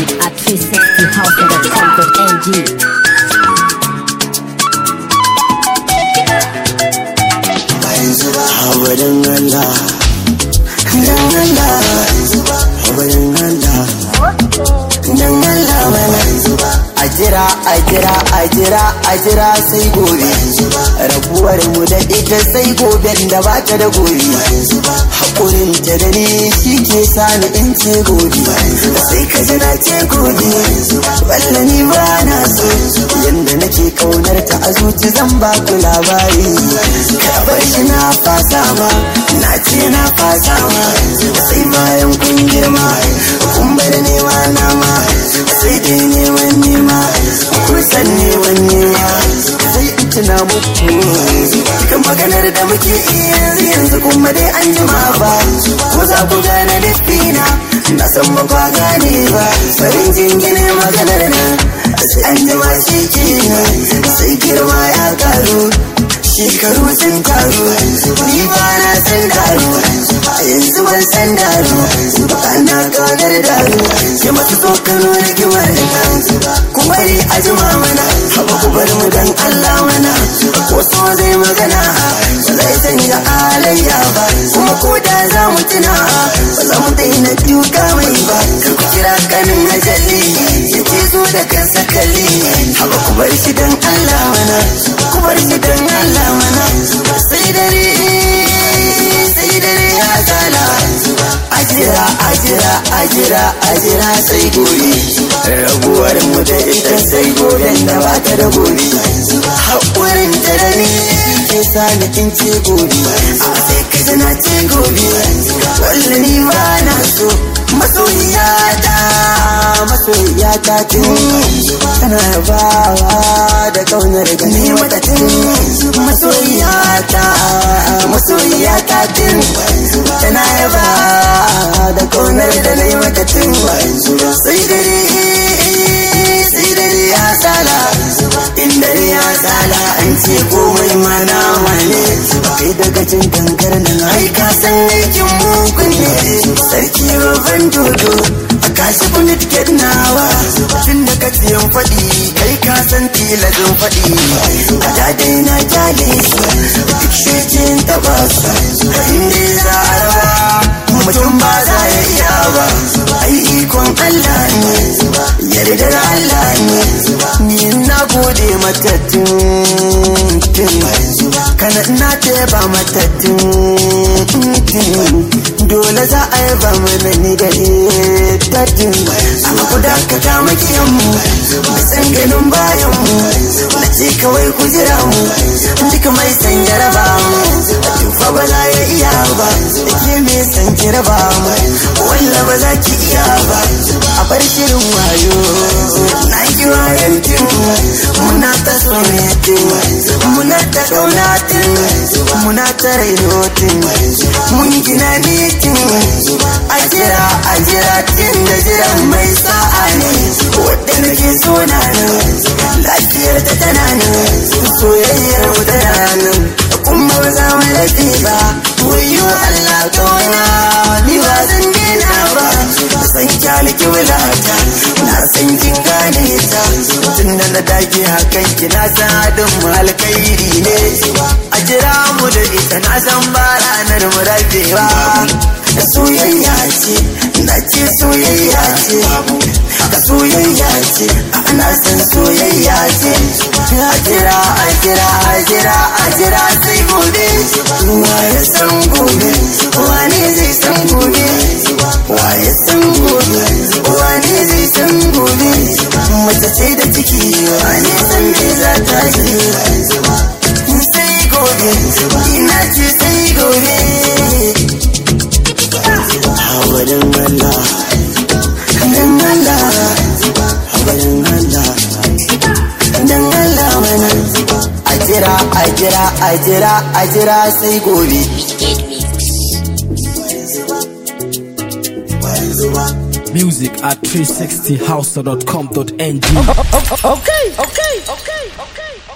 a 360 house at the center NG. yanzu a jira a jira a jira a jira sai gobe rabuwar mu da ita sai gobe da ba ta da gobe hakurin ta da ni shi ke sani in ce gobe sai ka ji na ce gobe walla ni ba na so yanda nake kaunar ta a zuci zan ba ku labari ka bar shi na fasa ma na ce na fasa ma sai bayan kun girma kun bar nema na ma Cikin maganar da muke yanzu yanzu kuma dai an jima ba Ko za ku gane dafina na san ba kwa gane ba Farin jingine maganar nan an jima shi kenan sai girma ya karu shekaru sun karu ni ba na san daru yanzu ban san daru ba na kagar daru ko da za mu tuna ba za mu daina duka mai ba kar ku kira kanin ajali ya ce zo da kansa kalli haba ku bar shi dan Allah mana ku bar shi dan Allah mana sai dare sai dare ya gala ajira ajira ajira ajira sai gobe rabuwar mu da ita sai gobe da ba ta da gobe haƙurin da rani ke sa ni in ce gobe sai ka na ce gobe wanda ni ma na so masoyiya ta masoyiya ta ce tana bawa da kaunar gani mata ce masoyiya ta masoyiya ta ce tana yaba da kaunar da na yi mata ce sai dare sai dare ya sala in dare ya sala an ce komai mana kai daga jin gangar nan ai ka san aikin mugun ne sarki roban dodo a kashi bullet get nawa tun da kaciyan faɗi kai ka san tilazin faɗi a dadai na kyale su duk shekin taba su inda za a rawa mutum ba za ya iya ba ai ikon Allah ne yardar Allah ne gode matattun kana ina ta ba matattun dole za a yi ba mana ni da tattin amma ku dakata makiyan mu san ganin bayan mu na ce kawai ku jira mu duka mai san yaraba mu a tufa ba za ya iya ba da ke mai san ki raba mu walla ba za ki iya ba a bar shirin wayo na kira yankin muna ta soyatin muna ta kaunatin muna ta rainotin mun gina nikin a jira a jira tin da jira mai sa'a ne ke hakan ki na san adin mu alkhairi ne a jira mu da ita na san ba ranar mu ba da soyayya ce na ce soyayya ce ka soyayya ce ana san soyayya ce a jira a jira a jira a jira mace ce da ciki wani san me za ta yi sai gobe ina ce sai gobe hawarin Allah dan Allah hawarin Allah dan Allah mana a jira a jira a jira a jira sai gobe Why is it Music at 360house.com.ng. Okay, okay, okay, okay.